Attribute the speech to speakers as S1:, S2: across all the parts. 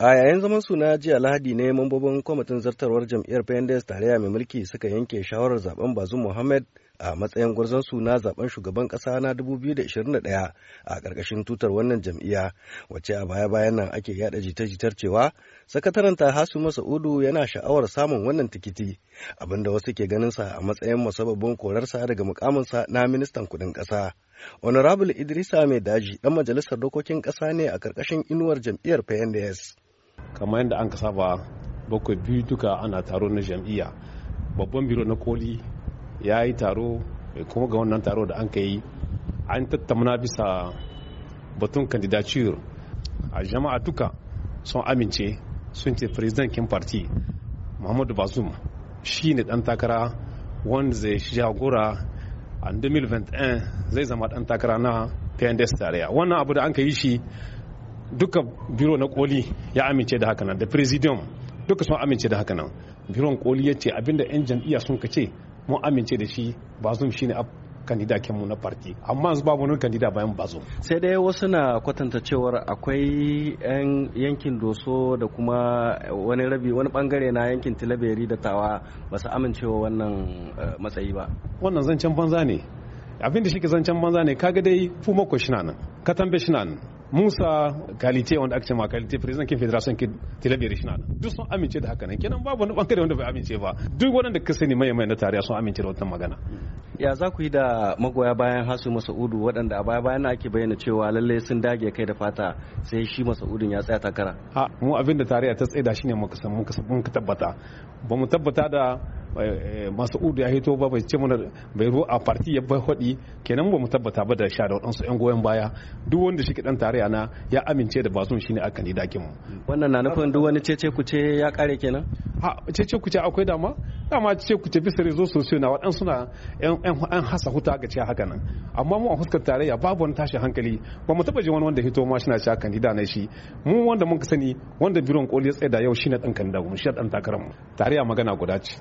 S1: a yayin zaman su na jiya lahadi ne mambobin kwamitin zartarwar jam'iyyar pnds tarayya mai mulki suka yanke shawarar zaben bazu Mohamed a matsayin gwarzon su na zaben shugaban kasa na 2021 a ƙarƙashin tutar wannan jam'iyya wacce a baya-bayan nan ake yada jita-jitar cewa sakataren ta hasu masa'udu yana sha'awar samun wannan tikiti abinda wasu ke ganin sa a matsayin masababin korarsa daga mukaminsa na ministan kudin ƙasa. honorable idrisa mai daji dan majalisar dokokin ƙasa ne a karkashin inuwar jam'iyyar pnds
S2: kamar yadda an ka saba bakwai biyu duka ana taro na jam'iyya babban biro na koli ya yi taro kuma ga wannan taro da an ka yi an tattauna bisa batun candidature a jama'a duka sun amince sun ce president kin party muhammadu bazum shi ne dan takara wanda zai jagora a 2021 zai zama dan takara na pnds tarayya wannan abu da an ka yi shi duka biro na koli ya amince da haka nan da presidium duka sun amince da haka nan biron koli ya ce abinda 'yan jam'iyya sun kace mun amince da shi bazum shine kandida mu na parti amma su babu wani kandida bayan bazum. sai dai wasu na
S1: kwatanta cewar akwai yan yankin doso da kuma wani rabi wani bangare na yankin tilaberi da tawa ba su amincewa
S2: wannan eh, matsayi ba wannan zancen banza ne abin da shi zancen banza ne kaga dai fuma ko shi nan katambe shi nan Musa Kalite wanda aka ce ma Kalite president kin federation ke Tilabi Shina duk sun amince da haka kenan babu wani bangare wanda bai amince ba duk waɗanda ka sani mai mai na tarayya sun amince da wannan magana ya
S1: za ku yi da magoya bayan Hasu Masaudu waɗanda a baya bayan ake bayyana cewa lalle sun dage kai da fata sai shi Masaudun ya tsaya takara
S2: a mu abin da tarayya ta tsaida shine mu kasan mun tabbata ba mu tabbata da Eh, eh, Udu ya hito ba bai ce mana bai ruwa a farti ya bai hudi kenan ba mu tabbata ba da sha da waɗansu 'yan goyon baya duk wanda shi dan tarayya na ya amince da bazun shine a kani dakin mu wannan na nufin duk wani cece kuce ya kare kenan ha cece kuce akwai dama dama cece kuce bisa rezo sosai na waɗansu na 'yan hasa huta ga ce haka nan amma mu a fuskar tarayya babu wani tashi hankali ba mu taba jin wani wanda hito ma shi na ci kandida na shi mu wanda mun sani wanda biron koli ya tsaye da yau shi na dan kandida mu shi dan takarar mu tarayya magana guda ce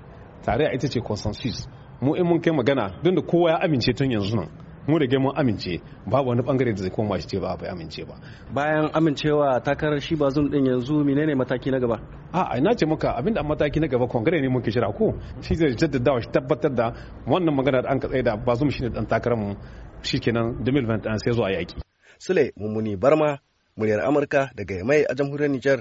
S2: Tare a ita ce consensus mu in mun kai magana don da kowa ya amince tun yanzu nan mu da mun amince babu wani bangare da zai koma shi ce ba bai amince ba bayan amincewa takarar shi ba zum din yanzu menene mataki na gaba a ina ce maka abinda mataki na gaba kongare ne muke shira ko shi zai jaddadawa shi tabbatar da wannan magana da an ka da ba zum shine dan takarar mu shikenan 2021 sai zuwa yaki
S1: sule mummuni barma muryar amurka daga mai a jamhuriyar Nijar.